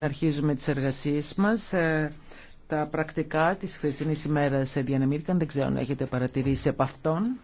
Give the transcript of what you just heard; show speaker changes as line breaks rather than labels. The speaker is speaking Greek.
Αρχίζουμε τις εργασίες μας. Ε, τα πρακτικά της χθεσινής ημέρας διανεμήθηκαν. Δεν ξέρω αν έχετε παρατηρήσει από αυτόν.